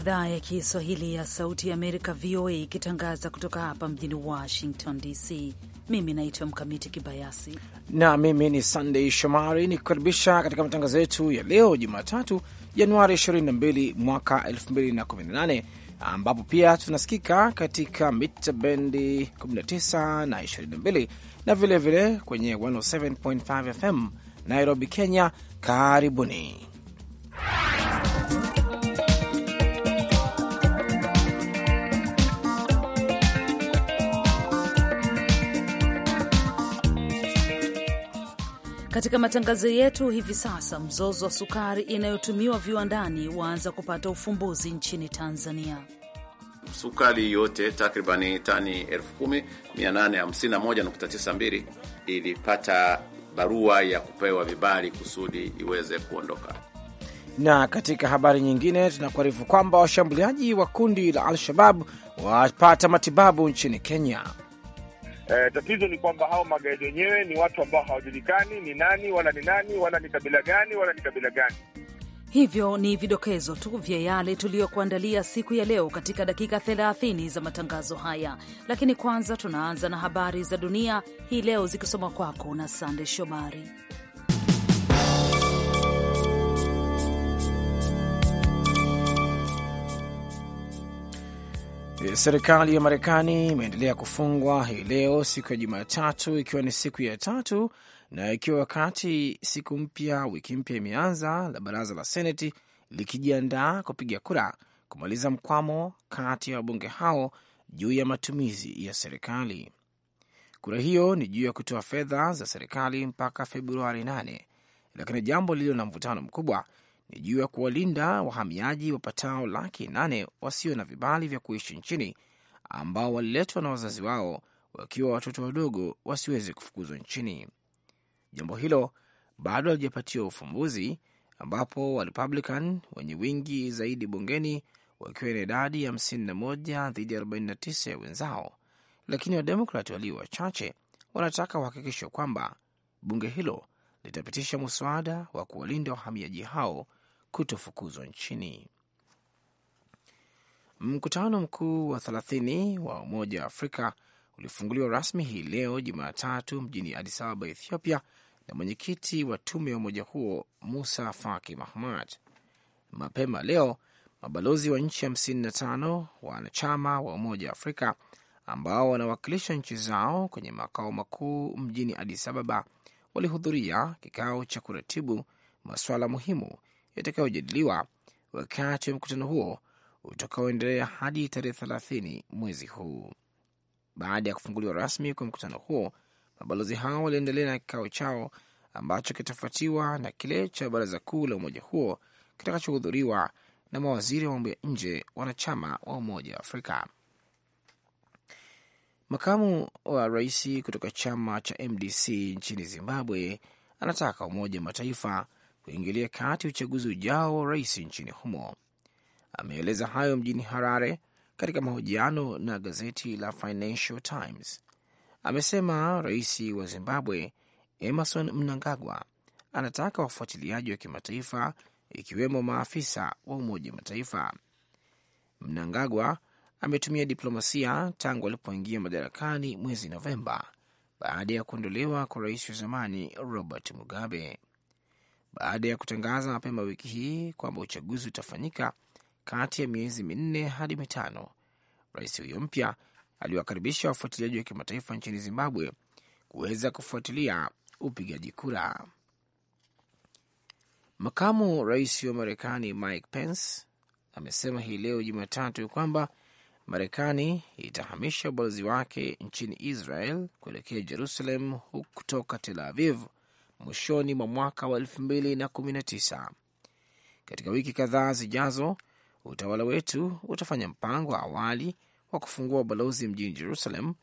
idhaa ya Kiswahili ya Sauti ya Amerika, VOA, ikitangaza kutoka hapa mjini Washington DC. Mimi naitwa Mkamiti Kibayasi na mimi ni Sandei Shomari, ni kukaribisha katika matangazo yetu ya leo Jumatatu, Januari 22 mwaka 2018 ambapo pia tunasikika katika mita bendi 19 na 22 na vilevile vile kwenye 107.5 FM Nairobi, Kenya. Karibuni Katika matangazo yetu hivi sasa, mzozo wa sukari inayotumiwa viwandani waanza kupata ufumbuzi nchini Tanzania. Sukari yote takribani tani 10851.92 ilipata barua ya kupewa vibali kusudi iweze kuondoka. Na katika habari nyingine, tunakuarifu kwamba washambuliaji wa kundi la Al-Shabab wapata matibabu nchini Kenya. Eh, tatizo ni kwamba hao magaidi wenyewe ni watu ambao hawajulikani ni nani wala ni nani wala ni kabila gani wala ni kabila gani. Hivyo ni vidokezo tu vya yale tuliyokuandalia siku ya leo katika dakika 30 za matangazo haya, lakini kwanza tunaanza na habari za dunia hii leo zikisoma kwako na Sande Shomari. Eh, serikali ya Marekani imeendelea kufungwa hii leo siku ya Jumatatu, ikiwa ni siku ya tatu na ikiwa wakati siku mpya, wiki mpya imeanza, la baraza la Seneti likijiandaa kupiga kura kumaliza mkwamo kati ya wabunge hao juu ya matumizi ya serikali. Kura hiyo ni juu ya kutoa fedha za serikali mpaka Februari 8, lakini jambo lililo na mvutano mkubwa ni juu ya kuwalinda wahamiaji wapatao laki nane wasio na vibali vya kuishi nchini ambao waliletwa na wazazi wao wakiwa watoto wadogo wasiweze kufukuzwa nchini. Jambo hilo bado halijapatiwa ufumbuzi, ambapo Warepublican wenye wingi zaidi bungeni wakiwa na idadi ya 51 dhidi ya 49 ya wenzao, lakini Wademokrat walio wachache wanataka uhakikisho kwamba bunge hilo litapitisha muswada wa kuwalinda wahamiaji hao kutofukuzwa nchini. Mkutano mkuu wa 30 wa Umoja wa Afrika ulifunguliwa rasmi hii leo Jumatatu mjini Addis Ababa, Ethiopia, na mwenyekiti wa tume ya umoja huo Musa Faki Mahamat. Mapema leo mabalozi wa nchi 55 wanachama wa Umoja wa Afrika ambao wanawakilisha nchi zao kwenye makao makuu mjini Addis Ababa walihudhuria kikao cha kuratibu masuala muhimu yatakayojadiliwa wakati wa mkutano huo utakaoendelea hadi tarehe thelathini mwezi huu. Baada ya kufunguliwa rasmi kwa mkutano huo, mabalozi hao waliendelea na kikao chao ambacho kitafuatiwa na kile cha baraza kuu la umoja huo kitakachohudhuriwa na mawaziri wa mambo ya nje wanachama wa Umoja wa Afrika. Makamu wa rais kutoka chama cha MDC nchini Zimbabwe anataka Umoja wa Mataifa kuingilia kati uchaguzi ujao wa rais nchini humo. Ameeleza hayo mjini Harare katika mahojiano na gazeti la Financial Times. Amesema rais wa Zimbabwe Emerson Mnangagwa anataka wafuatiliaji wa kimataifa ikiwemo maafisa wa Umoja Mataifa. Mnangagwa ametumia diplomasia tangu alipoingia madarakani mwezi Novemba baada ya kuondolewa kwa rais wa zamani Robert Mugabe baada ya kutangaza mapema wiki hii kwamba uchaguzi utafanyika kati ya miezi minne hadi mitano. Rais huyo mpya aliwakaribisha wafuatiliaji wa kimataifa nchini Zimbabwe kuweza kufuatilia upigaji kura. Makamu rais wa Marekani Mike Pence amesema hii leo Jumatatu kwamba Marekani itahamisha ubalozi wake nchini Israel kuelekea Jerusalem kutoka Tel Aviv mwishoni mwa mwaka wa 2019. Katika wiki kadhaa zijazo, utawala wetu utafanya mpango wa awali wa kufungua ubalozi mjini Jerusalem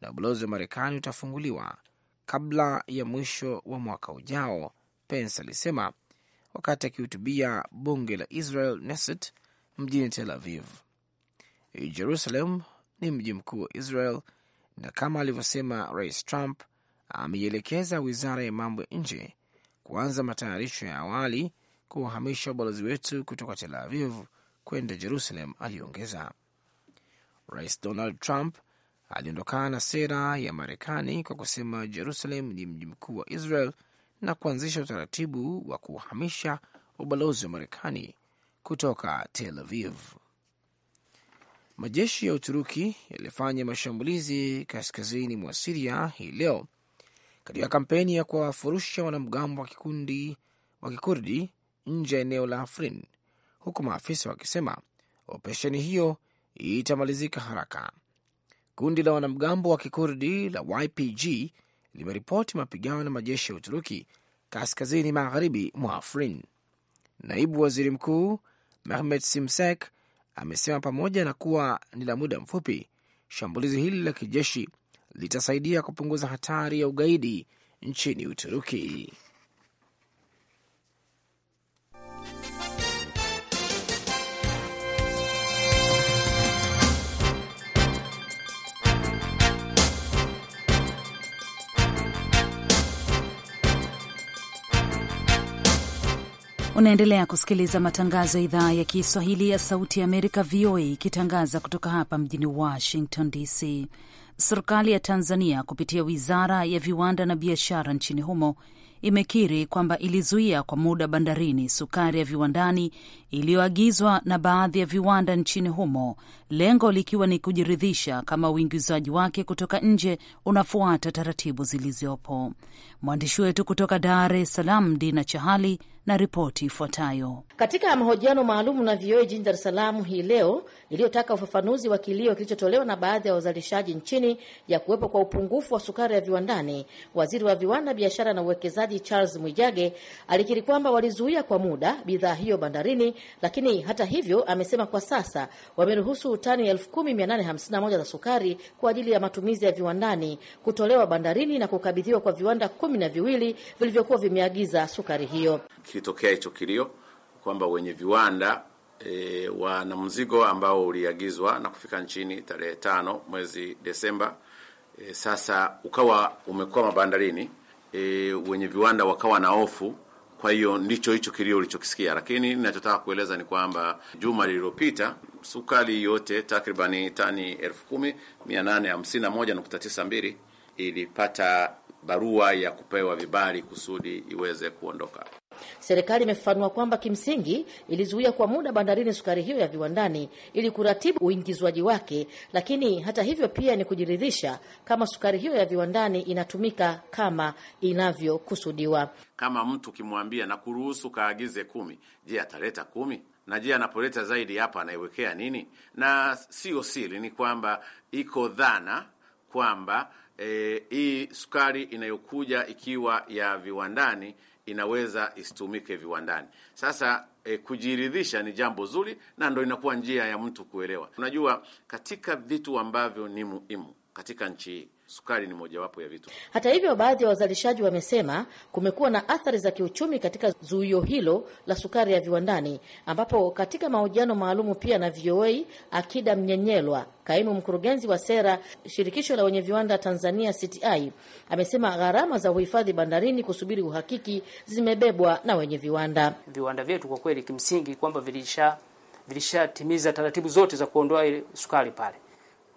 na ubalozi wa Marekani utafunguliwa kabla ya mwisho wa mwaka ujao, Pence alisema wakati akihutubia bunge la Israel Knesset mjini Tel Aviv. Jerusalem ni mji mkuu wa Israel na kama alivyosema Rais Trump ameielekeza wizara ya mambo ya nje kuanza matayarisho ya awali kuwahamisha ubalozi wetu kutoka Tel Aviv kwenda Jerusalem, aliongeza. Rais Donald Trump aliondokana na sera ya Marekani kwa kusema Jerusalem ni mji mkuu wa Israel na kuanzisha utaratibu wa kuhamisha ubalozi wa Marekani kutoka Tel Aviv. Majeshi ya Uturuki yalifanya mashambulizi kaskazini mwa Siria hii leo katika kampeni ya kuwafurusha wanamgambo wa kikundi wa kikurdi nje ya eneo la Afrin, huku maafisa wakisema operesheni hiyo itamalizika haraka. Kundi la wanamgambo wa kikurdi la YPG limeripoti mapigano na majeshi ya Uturuki kaskazini magharibi mwa Afrin. Naibu waziri mkuu Mehmet Simsek amesema pamoja na kuwa ni la muda mfupi, shambulizi hili la kijeshi litasaidia kupunguza hatari ya ugaidi nchini Uturuki. Unaendelea kusikiliza matangazo ya idhaa ya Kiswahili ya Sauti ya Amerika, VOA, ikitangaza kutoka hapa mjini Washington DC serikali ya Tanzania kupitia Wizara ya Viwanda na Biashara nchini humo imekiri kwamba ilizuia kwa muda bandarini sukari ya viwandani iliyoagizwa na baadhi ya viwanda nchini humo, lengo likiwa ni kujiridhisha kama uingizaji wake kutoka nje unafuata taratibu zilizopo. Mwandishi wetu kutoka Dar es Salaam, Dina Chahali, na ripoti ifuatayo. Katika mahojiano maalum na VOA jijini Dar es Salaam hii leo, iliyotaka ufafanuzi wa kilio kilichotolewa na baadhi ya wazalishaji nchini ya kuwepo kwa upungufu wa sukari ya viwandani, waziri wa viwanda, biashara na uwekezaji Charles Mwijage alikiri kwamba walizuia kwa muda bidhaa hiyo bandarini, lakini hata hivyo amesema kwa sasa wameruhusu tani 10851 za sukari kwa ajili ya matumizi ya viwandani kutolewa bandarini na kukabidhiwa kwa viwanda kumi kumi na viwili vilivyokuwa vimeagiza sukari hiyo. Kilitokea hicho kilio kwamba wenye viwanda e, wana mzigo ambao uliagizwa na kufika nchini tarehe tano mwezi Desemba. E, sasa ukawa umekuwa mabandarini e, wenye viwanda wakawa na hofu. Kwa hiyo ndicho hicho kilio ulichokisikia, lakini ninachotaka kueleza ni kwamba juma lililopita sukari yote takribani tani elfu kumi mia nane hamsini na moja nukta tisa mbili ilipata barua ya kupewa vibali kusudi iweze kuondoka. Serikali imefafanua kwamba kimsingi ilizuia kwa muda bandarini sukari hiyo ya viwandani ili kuratibu uingizwaji wake, lakini hata hivyo pia ni kujiridhisha kama sukari hiyo ya viwandani inatumika kama inavyokusudiwa. Kama mtu ukimwambia na kuruhusu kaagize kumi, je, ataleta kumi? na je, anapoleta zaidi hapa anaiwekea nini? Na sio siri ni kwamba iko dhana kwamba E, hii e, sukari inayokuja ikiwa ya viwandani inaweza isitumike viwandani. Sasa e, kujiridhisha ni jambo zuri, na ndo inakuwa njia ya mtu kuelewa. Unajua, katika vitu ambavyo ni muhimu katika nchi hii sukari ni mojawapo ya vitu. Hata hivyo, baadhi ya wazalishaji wamesema kumekuwa na athari za kiuchumi katika zuio hilo la sukari ya viwandani, ambapo katika mahojiano maalumu pia na VOA, Akida Mnyenyelwa, kaimu mkurugenzi wa sera shirikisho la wenye viwanda Tanzania CTI, amesema gharama za uhifadhi bandarini kusubiri uhakiki zimebebwa na wenye viwanda. Viwanda vyetu kwa kweli kimsingi kwamba vilishatimiza vilisha taratibu zote za kuondoa ile sukari pale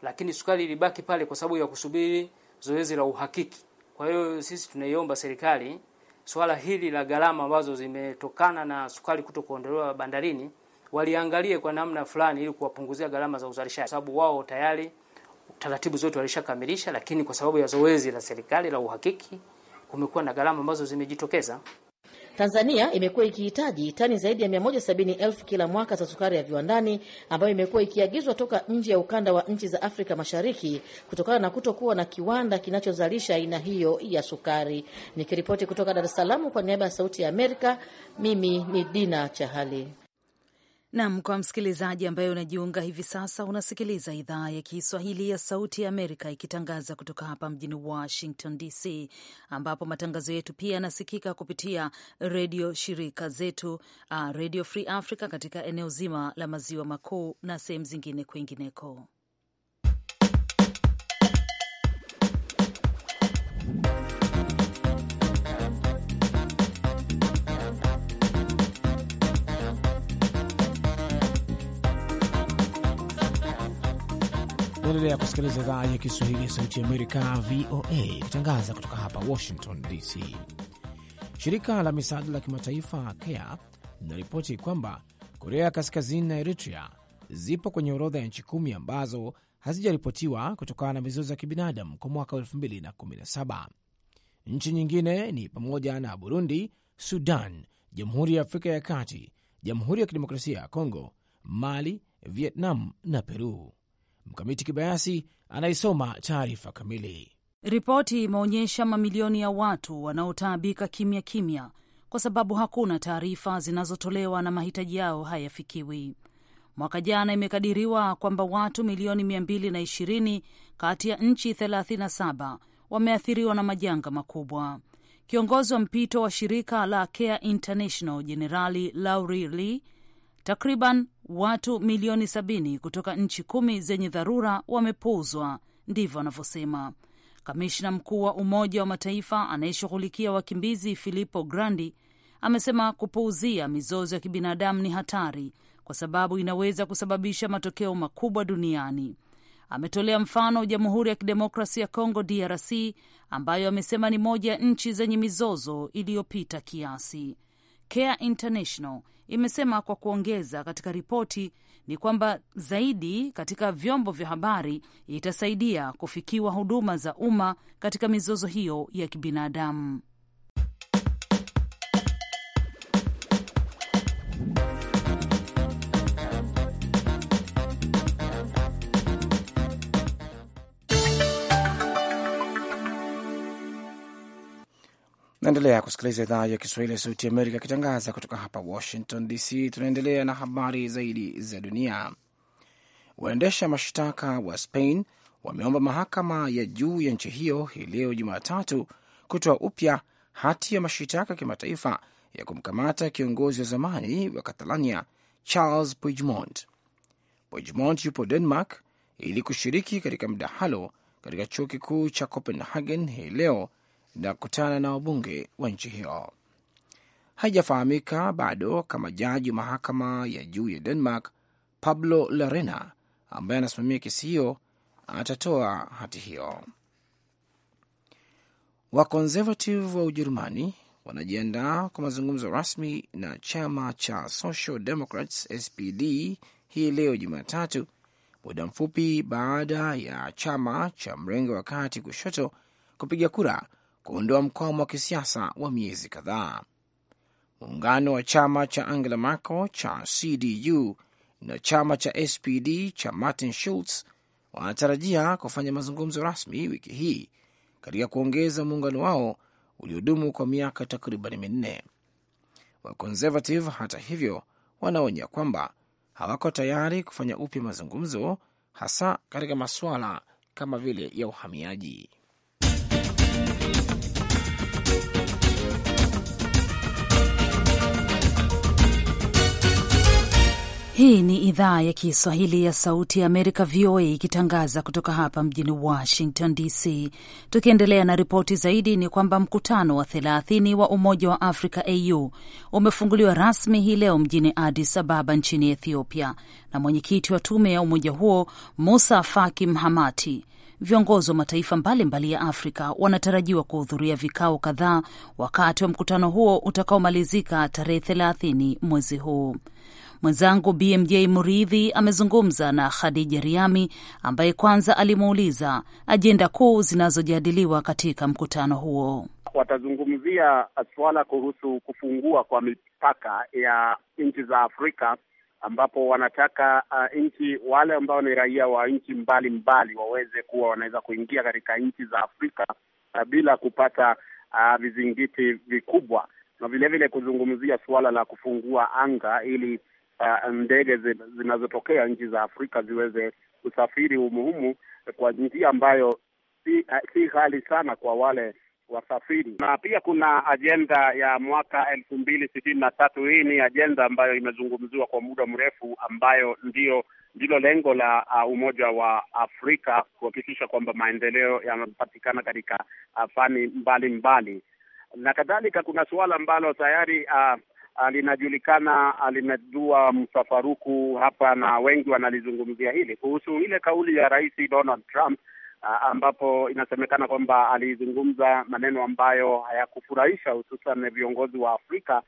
lakini sukari ilibaki pale kwa sababu ya kusubiri zoezi la uhakiki. Kwa hiyo sisi tunaiomba serikali swala hili la gharama ambazo zimetokana na sukari kuto kuondolewa bandarini waliangalie kwa namna fulani, ili kuwapunguzia gharama za uzalishaji, sababu wao tayari taratibu zote walishakamilisha, lakini kwa sababu ya zoezi la serikali la uhakiki kumekuwa na gharama ambazo zimejitokeza. Tanzania imekuwa ikihitaji tani zaidi ya 170 kila mwaka za sukari ya viwandani ambayo imekuwa ikiagizwa toka nje ya ukanda wa nchi za Afrika Mashariki kutokana na kutokuwa na kiwanda kinachozalisha aina hiyo ya sukari. Nikiripoti kutoka Dar es Salaam kwa niaba ya Sauti ya Amerika, mimi ni Dina Chahali. Nam, kwa msikilizaji ambaye unajiunga hivi sasa, unasikiliza idhaa ya Kiswahili ya Sauti ya Amerika ikitangaza kutoka hapa mjini Washington DC, ambapo matangazo yetu pia yanasikika kupitia redio shirika zetu, uh, Radio Free Africa katika eneo zima la maziwa makuu na sehemu zingine kwingineko. Naendelea kusikiliza idhaa ya Kiswahili ya Sauti ya Amerika, VOA, ikitangaza kutoka hapa Washington DC. Shirika la misaada la kimataifa CARE linaripoti kwamba Korea ya Kaskazini na Eritrea zipo kwenye orodha ya nchi kumi ambazo hazijaripotiwa kutokana na mizozo ya kibinadamu kwa mwaka 2017. Nchi nyingine ni pamoja na Burundi, Sudan, Jamhuri ya Afrika ya Kati, Jamhuri ya Kidemokrasia ya Kongo, Mali, Vietnam na Peru. Mkamiti Kibayasi anaisoma taarifa kamili. Ripoti imeonyesha mamilioni ya watu wanaotaabika kimya kimya kwa sababu hakuna taarifa zinazotolewa na mahitaji yao hayafikiwi. Mwaka jana imekadiriwa kwamba watu milioni 220 kati ya nchi 37 wameathiriwa na majanga makubwa. Kiongozi wa mpito wa shirika la Care International Jenerali Lauri Lee, takriban watu milioni sabini kutoka nchi kumi zenye dharura wamepuuzwa, ndivyo anavyosema kamishna mkuu wa Umoja wa Mataifa anayeshughulikia wakimbizi Filippo Grandi. Amesema kupuuzia mizozo ya kibinadamu ni hatari kwa sababu inaweza kusababisha matokeo makubwa duniani. Ametolea mfano Jamhuri ya kidemokrasi ya congo DRC, ambayo amesema ni moja ya nchi zenye mizozo iliyopita kiasi. Care International imesema kwa kuongeza katika ripoti ni kwamba zaidi katika vyombo vya habari itasaidia kufikiwa huduma za umma katika mizozo hiyo ya kibinadamu. Naendelea kusikiliza idhaa ya Kiswahili ya Sauti Amerika ikitangaza kutoka hapa Washington DC. Tunaendelea na habari zaidi za dunia. Waendesha mashtaka wa Spain wameomba mahakama ya juu ya nchi hiyo hii leo Jumatatu kutoa upya hati ya mashitaka ya kimataifa ya kumkamata kiongozi wa zamani wa Katalania Charles Puigdemont. Puigdemont yupo Denmark ili kushiriki katika mdahalo katika chuo kikuu cha Copenhagen hii leo na kukutana na wabunge wa nchi hiyo. Haijafahamika bado kama jaji wa mahakama ya juu ya Denmark Pablo Larena ambaye anasimamia kesi hiyo atatoa hati hiyo. Wakonservative wa Ujerumani wanajiandaa kwa mazungumzo rasmi na chama cha Social Democrats SPD hii leo Jumatatu, muda mfupi baada ya chama cha mrengo wa kati kushoto kupiga kura kuondoa mkwamo wa kisiasa wa miezi kadhaa. Muungano wa chama cha Angela Merkel cha CDU na chama cha SPD cha Martin Schulz wanatarajia kufanya mazungumzo rasmi wiki hii katika kuongeza muungano wao uliodumu kwa miaka takriban minne. Wakonservative hata hivyo, wanaonya kwamba hawako tayari kufanya upya mazungumzo, hasa katika masuala kama vile ya uhamiaji. Hii ni idhaa ya Kiswahili ya Sauti ya Amerika, VOA, ikitangaza kutoka hapa mjini Washington DC. Tukiendelea na ripoti zaidi, ni kwamba mkutano wa 30 wa Umoja wa Afrika AU umefunguliwa rasmi hii leo mjini Addis Ababa nchini Ethiopia na mwenyekiti wa tume ya umoja huo Musa Faki Mhamati. Viongozi wa mataifa mbalimbali mbali ya Afrika wanatarajiwa kuhudhuria vikao kadhaa wakati wa mkutano huo utakaomalizika tarehe thelathini mwezi huu. Mwenzangu BMJ Muridhi amezungumza na Khadija Riami ambaye kwanza alimuuliza ajenda kuu zinazojadiliwa katika mkutano huo. Watazungumzia suala kuhusu kufungua kwa mipaka ya nchi za Afrika ambapo wanataka uh, nchi wale ambao ni raia wa nchi mbalimbali waweze kuwa wanaweza kuingia katika nchi za Afrika uh, bila kupata uh, vizingiti vikubwa na vilevile kuzungumzia suala la kufungua anga ili uh, ndege zinazotokea nchi za Afrika ziweze kusafiri humuhumu kwa njia ambayo si, uh, si ghali sana kwa wale wasafiri, na pia kuna ajenda ya mwaka elfu mbili sitini na tatu. Hii ni ajenda ambayo imezungumziwa kwa muda mrefu, ambayo ndio ndilo lengo la uh, Umoja wa Afrika kuhakikisha kwamba maendeleo yanapatikana katika uh, fani mbalimbali na kadhalika. Kuna suala ambalo tayari uh, uh linajulikana uh, limedua mtafaruku hapa na wengi wanalizungumzia hili, kuhusu ile kauli ya Rais Donald Trump ambapo inasemekana kwamba alizungumza maneno ambayo hayakufurahisha hususan viongozi wa Afrika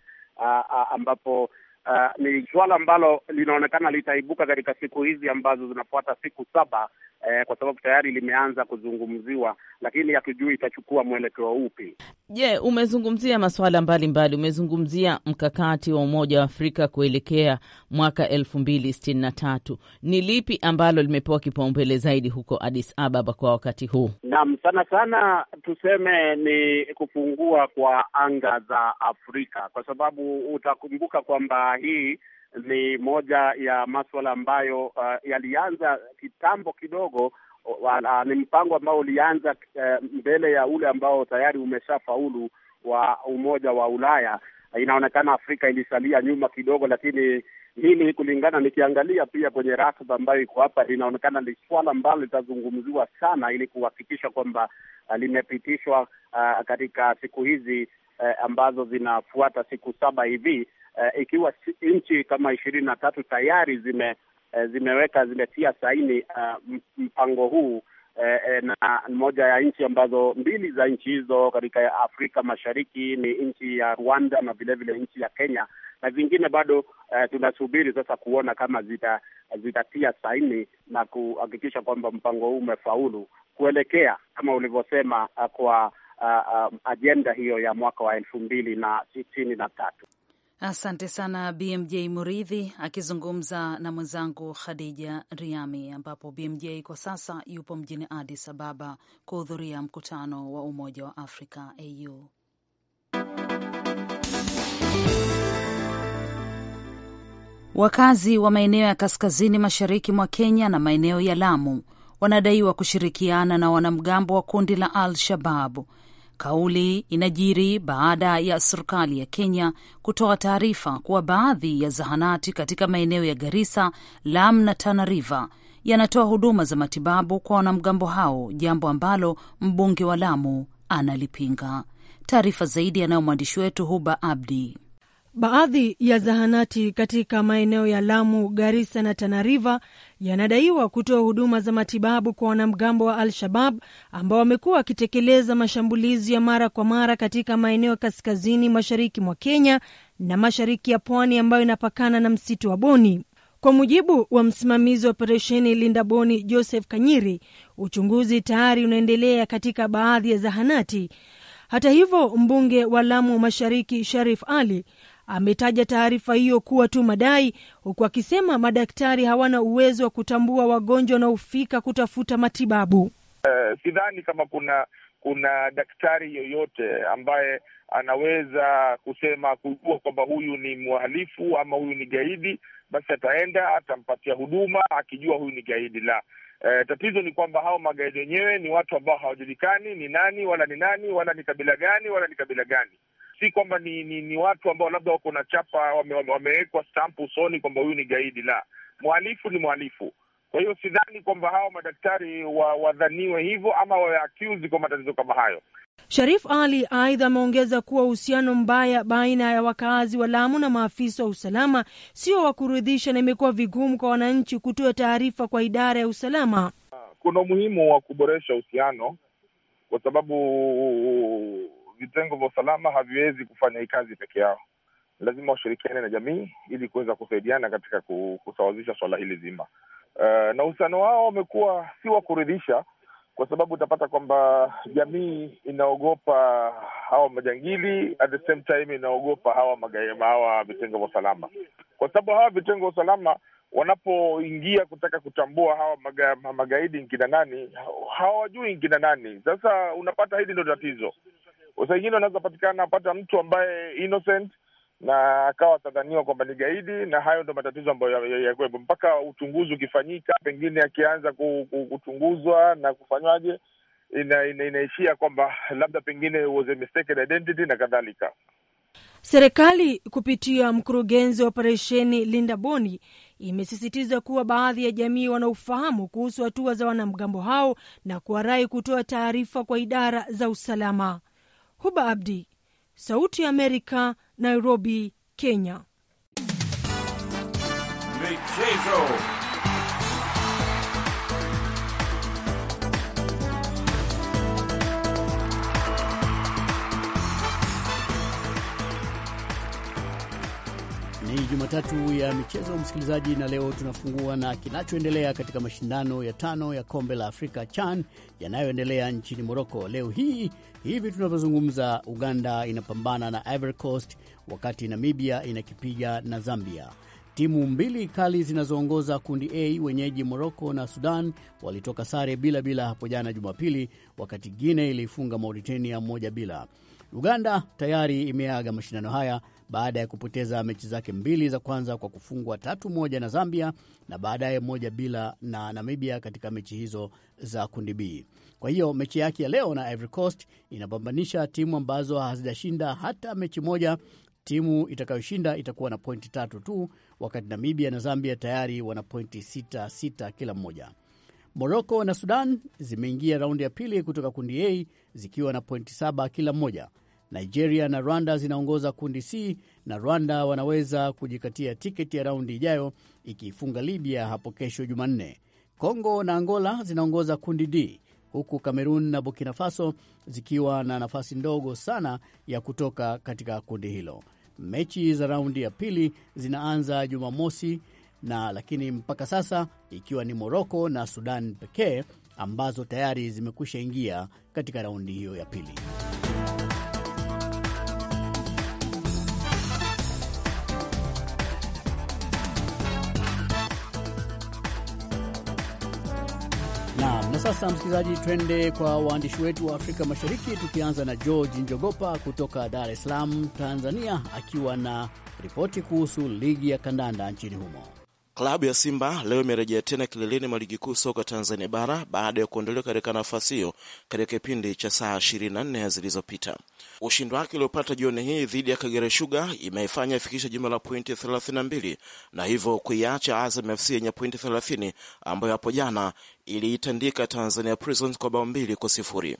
ambapo Uh, ni suala ambalo linaonekana litaibuka katika siku hizi ambazo zinafuata siku saba eh, kwa sababu tayari limeanza kuzungumziwa, lakini hatujui itachukua mwelekeo upi. Je, yeah, umezungumzia masuala mbalimbali, umezungumzia mkakati wa Umoja wa Afrika kuelekea mwaka elfu mbili sitini na tatu. Ni lipi ambalo limepewa kipaumbele zaidi huko Addis Ababa kwa wakati huu? Naam, sana sana tuseme ni kufungua kwa anga za Afrika, kwa sababu utakumbuka kwamba hii ni moja ya maswala ambayo uh, yalianza kitambo kidogo. Uh, wala, ni mpango ambao ulianza uh, mbele ya ule ambao tayari umeshafaulu wa Umoja wa Ulaya. Uh, inaonekana Afrika ilisalia nyuma kidogo, lakini hili kulingana, nikiangalia pia kwenye ratiba ambayo iko hapa, linaonekana ni swala ambalo litazungumziwa sana ili kuhakikisha kwamba uh, limepitishwa uh, katika siku hizi uh, ambazo zinafuata siku saba hivi uh, ikiwa nchi kama ishirini na tatu tayari zime uh, zimeweka zimetia saini uh, mpango huu uh, na moja ya nchi ambazo mbili za nchi hizo katika Afrika Mashariki ni nchi ya Rwanda na vilevile nchi ya Kenya na zingine bado uh, tunasubiri sasa kuona kama zita zitatia saini na kuhakikisha kwamba mpango huu umefaulu kuelekea kama ulivyosema kwa uh, uh, ajenda hiyo ya mwaka wa elfu mbili na sitini na tatu. Asante sana BMJ Muridhi akizungumza na mwenzangu Khadija Riami, ambapo BMJ kwa sasa yupo mjini Addis Ababa kuhudhuria mkutano wa Umoja wa Afrika au Wakazi wa maeneo ya kaskazini mashariki mwa Kenya na maeneo ya Lamu wanadaiwa kushirikiana na wanamgambo wa kundi la Al Shababu Kauli inajiri baada ya serikali ya Kenya kutoa taarifa kuwa baadhi ya zahanati katika maeneo ya Garissa, lam na Tana River yanatoa huduma za matibabu kwa wanamgambo hao, jambo ambalo mbunge wa Lamu analipinga. Taarifa zaidi anayo mwandishi wetu Huba Abdi. Baadhi ya zahanati katika maeneo ya Lamu, Garissa na Tana River yanadaiwa kutoa huduma za matibabu kwa wanamgambo wa Al-Shabab ambao wamekuwa wakitekeleza mashambulizi ya mara kwa mara katika maeneo ya kaskazini mashariki mwa Kenya na mashariki ya pwani ambayo inapakana na msitu wa Boni. Kwa mujibu wa msimamizi wa operesheni Linda Boni, Joseph Kanyiri, uchunguzi tayari unaendelea katika baadhi ya zahanati. Hata hivyo, mbunge wa Lamu Mashariki Sharif Ali ametaja taarifa hiyo kuwa tu madai, huku akisema madaktari hawana uwezo wa kutambua wagonjwa wanaofika kutafuta matibabu. Uh, sidhani kama kuna kuna daktari yoyote ambaye anaweza kusema kujua kwamba huyu ni mhalifu ama huyu ni gaidi, basi ataenda atampatia huduma akijua huyu ni gaidi. La, e, tatizo ni kwamba hao magaidi wenyewe ni watu ambao hawajulikani ni nani wala ni nani wala ni kabila gani wala ni kabila gani si kwamba ni, ni ni watu ambao labda wako na chapa wamewekwa wame stampu usoni kwamba huyu ni gaidi. La, mhalifu ni mhalifu. Kwa hiyo sidhani kwamba hawa madaktari wadhaniwe wa hivyo ama wawe kwa matatizo kama hayo. Sharif Ali aidha ameongeza kuwa uhusiano mbaya baina ya wakaazi wa Lamu na maafisa wa usalama sio wa kuridhisha na imekuwa vigumu kwa wananchi kutoa taarifa kwa idara ya usalama. Kuna umuhimu wa kuboresha uhusiano kwa sababu vitengo vya usalama haviwezi kufanya hii kazi peke yao, lazima washirikiane na jamii ili kuweza kusaidiana katika kusawazisha swala hili zima. Uh, na uhusiano wao wamekuwa si wa kuridhisha, kwa sababu utapata kwamba jamii inaogopa hawa majangili, at the same time inaogopa hawa magaema, hawa vitengo vya usalama, kwa sababu hawa vitengo vya usalama wanapoingia kutaka kutambua hawa maga, magaidi nkina nani, hawajui nkina nani. Sasa unapata hili ndo tatizo saa ingine unaweza patikana pata mtu ambaye innocent na akawa atadhaniwa kwamba ni gaidi, na hayo ndo matatizo ambayo yakuwepo mpaka uchunguzi ukifanyika, pengine akianza kuchunguzwa na kufanywaje, ina, ina, inaishia kwamba labda pengine was a mistaken identity na kadhalika. Serikali kupitia mkurugenzi wa operesheni Linda Boni imesisitiza kuwa baadhi ya jamii wanaofahamu kuhusu hatua za wanamgambo hao na kuwarai kutoa taarifa kwa idara za usalama. Huba Abdi, Sauti ya Amerika, Nairobi, Kenya. Michezo. Ni Jumatatu ya michezo, msikilizaji, na leo tunafungua na kinachoendelea katika mashindano ya tano ya kombe la Afrika CHAN yanayoendelea nchini Moroko. Leo hii hivi tunavyozungumza, Uganda inapambana na Ivory Coast, wakati Namibia inakipiga na Zambia. Timu mbili kali zinazoongoza kundi A, wenyeji Moroko na Sudan, walitoka sare bila bila hapo jana Jumapili, wakati Guinea iliifunga Mauritania moja bila. Uganda tayari imeaga mashindano haya baada ya kupoteza mechi zake mbili za kwanza kwa kufungwa tatu moja na Zambia na baadaye moja bila na Namibia katika mechi hizo za kundi B. Kwa hiyo mechi yake ya leo na Ivory Coast inapambanisha timu ambazo hazijashinda hata mechi moja. Timu itakayoshinda itakuwa na pointi tatu tu, wakati Namibia na Zambia tayari wana pointi sita sita kila mmoja. Moroko na Sudan zimeingia raundi ya pili kutoka kundi A zikiwa na pointi saba kila mmoja. Nigeria na Rwanda zinaongoza kundi C na Rwanda wanaweza kujikatia tiketi ya raundi ijayo ikiifunga Libya hapo kesho Jumanne. Kongo na Angola zinaongoza kundi D huku Kamerun na Burkina Faso zikiwa na nafasi ndogo sana ya kutoka katika kundi hilo. Mechi za raundi ya pili zinaanza Jumamosi na lakini mpaka sasa ikiwa ni Moroko na Sudan pekee ambazo tayari zimekwisha ingia katika raundi hiyo ya pili. sasa msikilizaji, twende kwa waandishi wetu wa Afrika Mashariki, tukianza na George Njogopa kutoka Dar es Salaam, Tanzania, akiwa na ripoti kuhusu ligi ya kandanda nchini humo. Klabu ya Simba leo imerejea tena kileleni mwa ligi kuu soka Tanzania bara baada ya kuondolewa katika nafasi hiyo katika kipindi cha saa 24 zilizopita. Ushindi wake uliopata jioni hii dhidi ya Kagera Sugar imeifanya ifikisha jumla la pointi 32 na hivyo kuiacha Azam FC yenye pointi 30 ambayo hapo jana iliitandika Tanzania Prisons kwa bao mbili kwa sifuri.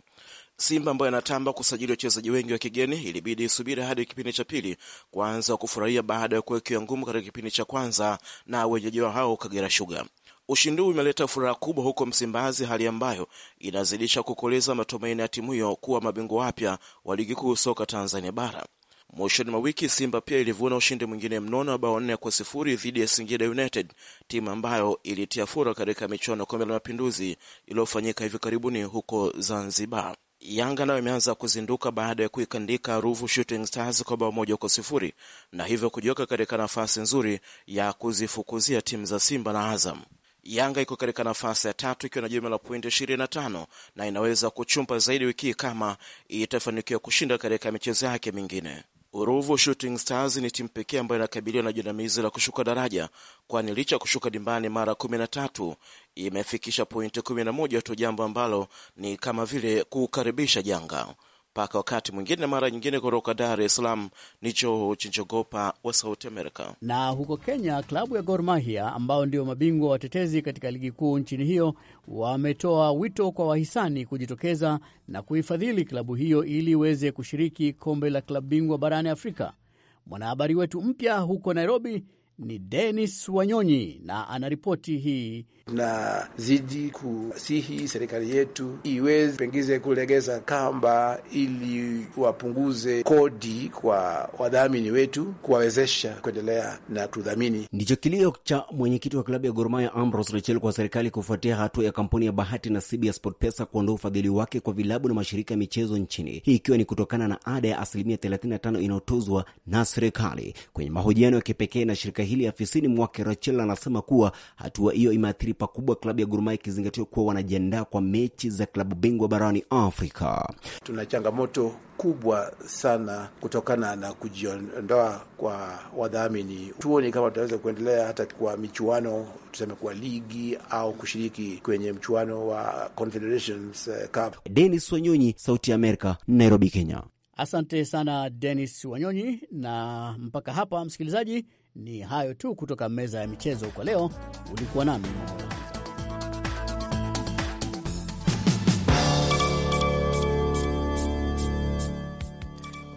Simba ambayo inatamba kusajili wachezaji wengi wa kigeni ilibidi isubiri hadi kipindi cha pili kuanza kufurahia baada ya kuwekewa ngumu katika kipindi cha kwanza na wenyeji wa hao Kagera Sugar. Ushindi huu umeleta furaha kubwa huko Msimbazi, hali ambayo inazidisha kukoleza matumaini ya timu hiyo kuwa mabingwa wapya wa ligi kuu soka Tanzania Bara. Mwishoni mwa wiki Simba pia ilivuna ushindi mwingine mnono wa bao nne kwa sifuri dhidi ya Singida United, timu ambayo ilitia fura katika michuano ya kombe la mapinduzi iliyofanyika hivi karibuni huko Zanzibar. Yanga nayo imeanza kuzinduka baada ya kuikandika Ruvu Shooting Stars kwa bao moja kwa sifuri na hivyo kujiweka katika nafasi nzuri ya kuzifukuzia timu za Simba na Azam. Yanga iko katika nafasi ya tatu ikiwa na jumla la pointi 25 na inaweza kuchumba zaidi wiki kama itafanikiwa kushinda katika michezo yake mingine. Uruvu Shooting Stars ni timu pekee ambayo inakabiliwa na jinamizi la kushuka daraja, kwani licha ya kushuka dimbani mara tatu imefikisha pointi moja tu, jambo ambalo ni kama vile kukaribisha janga mpaka wakati mwingine na mara nyingine. Kutoka Dar es Salaam ni Joho Chinjogopa wa Sauti Amerika. Na huko Kenya, klabu ya Gor Mahia ambao ndio mabingwa watetezi katika ligi kuu nchini hiyo wametoa wito kwa wahisani kujitokeza na kuifadhili klabu hiyo ili iweze kushiriki kombe la klabu bingwa barani Afrika. Mwanahabari wetu mpya huko Nairobi ni Denis Wanyonyi na anaripoti hii tunazidi kusihi serikali yetu iweze pengine kulegeza kamba ili wapunguze kodi kwa wadhamini wetu kuwawezesha kuendelea na kudhamini. Ndicho kilio cha mwenyekiti wa klabu ya Gor Mahia Ambrose Rachel kwa serikali kufuatia hatua ya kampuni ya bahati nasibu ya SportPesa kuondoa ufadhili wake kwa vilabu na mashirika ya michezo nchini, hii ikiwa ni kutokana na ada ya asilimia 35 inayotozwa na serikali. Kwenye mahojiano ya kipekee na shirika hili afisini mwake, Rachel anasema kuwa hatua hiyo imeathiri pakubwa klabu ya Gor Mahia ikizingatiwa kuwa wanajiandaa kwa mechi za klabu bingwa barani Afrika. Tuna changamoto kubwa sana kutokana na kujiondoa kwa wadhamini. Tuoni kama tutaweza kuendelea hata kwa michuano, tuseme kwa ligi au kushiriki kwenye mchuano wa Confederations eh, Cup. Wanyonyi, Sauti ya Amerika, Nairobi, Kenya. Asante sana denis Wanyonyi, na mpaka hapa msikilizaji ni hayo tu kutoka meza ya michezo kwa leo. Ulikuwa nami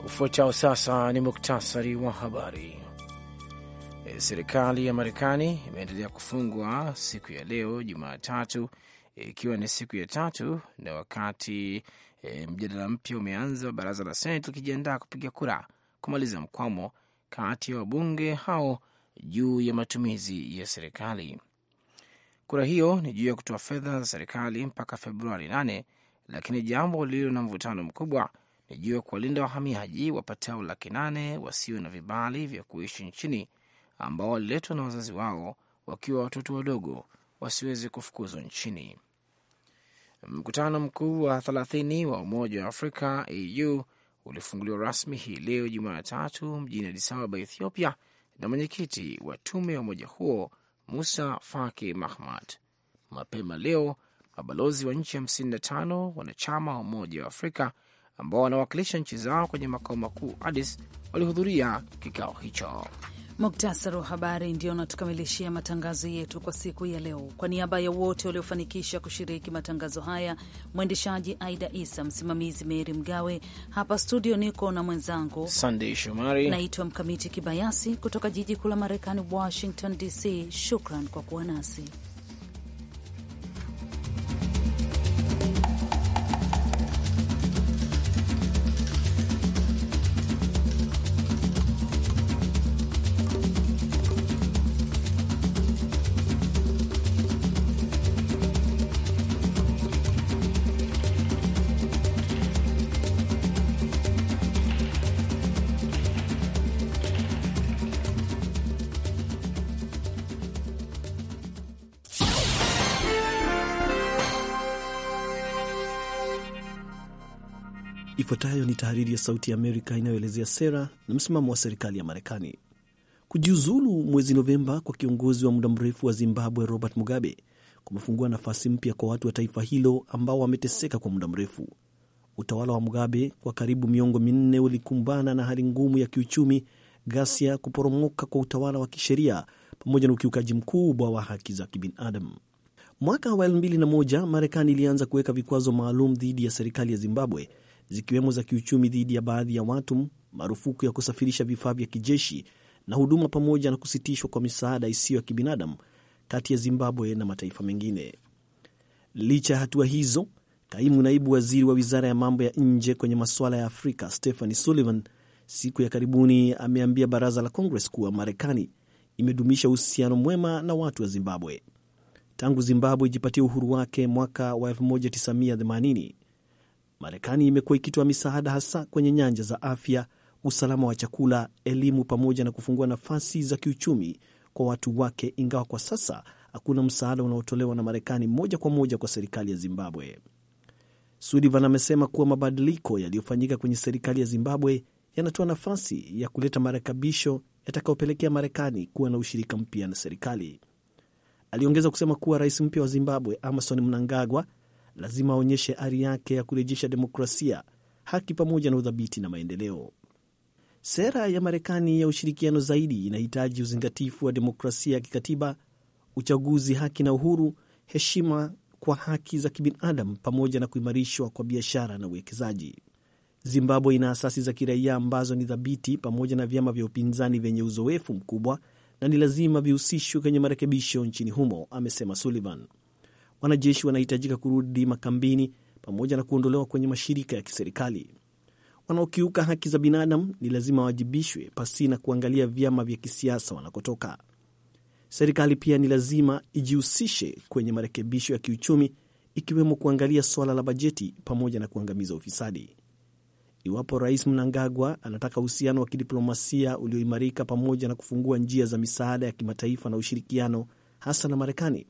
ufuatao. Sasa ni muktasari wa habari. Eh, serikali ya Marekani imeendelea kufungwa siku ya leo Jumatatu, ikiwa ni siku ya tatu na wakati e, mjadala mpya umeanza, baraza la Seneti likijiandaa kupiga kura kumaliza mkwamo kati ya wabunge hao juu ya matumizi ya serikali. Kura hiyo ni juu ya kutoa fedha za serikali mpaka Februari 8, lakini jambo lililo na mvutano mkubwa ni juu ya kuwalinda wahamiaji wapatao laki nane wasio na vibali vya kuishi nchini ambao waliletwa na wazazi wao wakiwa watoto wadogo wasiweze kufukuzwa nchini. Mkutano mkuu wa 30 wa Umoja wa Afrika, EU, ulifunguliwa rasmi hii leo Jumatatu mjini Addis Ababa, Ethiopia, na mwenyekiti wa tume ya umoja huo Musa Faki mahmad Mapema leo mabalozi wa nchi 55 wanachama wa Umoja wa Afrika ambao wanawakilisha nchi zao kwenye makao makuu Addis walihudhuria kikao hicho. Muktasari wa habari ndio unatukamilishia matangazo yetu kwa siku ya leo. Kwa niaba ya wote waliofanikisha kushiriki matangazo haya, mwendeshaji Aida Isa, msimamizi Meri Mgawe, hapa studio niko na mwenzangu Sandei Shomari, naitwa Mkamiti Kibayasi kutoka jiji kuu la Marekani, Washington DC. Shukran kwa kuwa nasi. Ifuatayo ni tahariri ya Sauti ya Amerika inayoelezea sera na msimamo wa serikali ya Marekani. Kujiuzulu mwezi Novemba kwa kiongozi wa muda mrefu wa Zimbabwe Robert Mugabe kumefungua nafasi mpya kwa watu wa taifa hilo ambao wameteseka kwa muda mrefu. Utawala wa Mugabe kwa karibu miongo minne ulikumbana na hali ngumu ya kiuchumi, ghasia, kuporomoka kwa utawala wa kisheria pamoja na ukiukaji mkubwa wa haki za kibinadamu. Mwaka wa 2001 Marekani ilianza kuweka vikwazo maalum dhidi ya serikali ya Zimbabwe zikiwemo za kiuchumi dhidi ya baadhi ya watu, marufuku ya kusafirisha vifaa vya kijeshi na huduma, pamoja na kusitishwa kwa misaada isiyo ya kibinadamu kati ya Zimbabwe na mataifa mengine. Licha ya hatua hizo, kaimu naibu waziri wa wizara ya mambo ya nje kwenye masuala ya Afrika Stephanie Sullivan siku ya karibuni ameambia baraza la Congress kuwa Marekani imedumisha uhusiano mwema na watu wa Zimbabwe tangu Zimbabwe ijipatia uhuru wake mwaka wa 1980. Marekani imekuwa ikitoa misaada hasa kwenye nyanja za afya, usalama wa chakula, elimu, pamoja na kufungua nafasi za kiuchumi kwa watu wake, ingawa kwa sasa hakuna msaada unaotolewa na Marekani moja kwa moja kwa serikali ya Zimbabwe. Sullivan amesema kuwa mabadiliko yaliyofanyika kwenye serikali ya Zimbabwe yanatoa nafasi ya kuleta marekebisho yatakayopelekea Marekani kuwa na ushirika mpya na serikali. Aliongeza kusema kuwa rais mpya wa Zimbabwe Emmerson Mnangagwa lazima aonyeshe ari yake ya kurejesha demokrasia, haki pamoja na udhabiti na maendeleo. Sera ya Marekani ya ushirikiano zaidi inahitaji uzingatifu wa demokrasia ya kikatiba, uchaguzi haki na uhuru, heshima kwa haki za kibinadamu, pamoja na kuimarishwa kwa biashara na uwekezaji. Zimbabwe ina asasi za kiraia ambazo ni thabiti pamoja na vyama vya upinzani vyenye uzoefu mkubwa na ni lazima vihusishwe kwenye marekebisho nchini humo, amesema Sullivan wanajeshi wanahitajika kurudi makambini pamoja na kuondolewa kwenye mashirika ya kiserikali. Wanaokiuka haki za binadamu ni lazima wawajibishwe na kuangalia vyama vya kisiasa wanakotoka. Serikali pia ni lazima ijihusishe kwenye marekebisho ya kiuchumi, ikiwemo kuangalia suala la bajeti pamoja na kuangamiza ufisadi. Iwapo Rais Mnangagwa anataka uhusiano wa kidiplomasia ulioimarika pamoja na kufungua njia za misaada ya kimataifa na ushirikiano hasa na Marekani,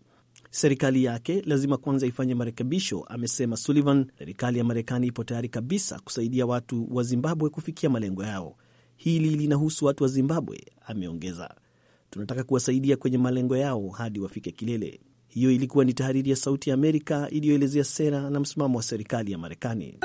serikali yake lazima kwanza ifanye marekebisho, amesema Sullivan. Serikali ya Marekani ipo tayari kabisa kusaidia watu wa Zimbabwe kufikia malengo yao. Hili linahusu watu wa Zimbabwe, ameongeza. Tunataka kuwasaidia kwenye malengo yao hadi wafike kilele. Hiyo ilikuwa ni tahariri ya Sauti ya Amerika iliyoelezea sera na msimamo wa serikali ya Marekani.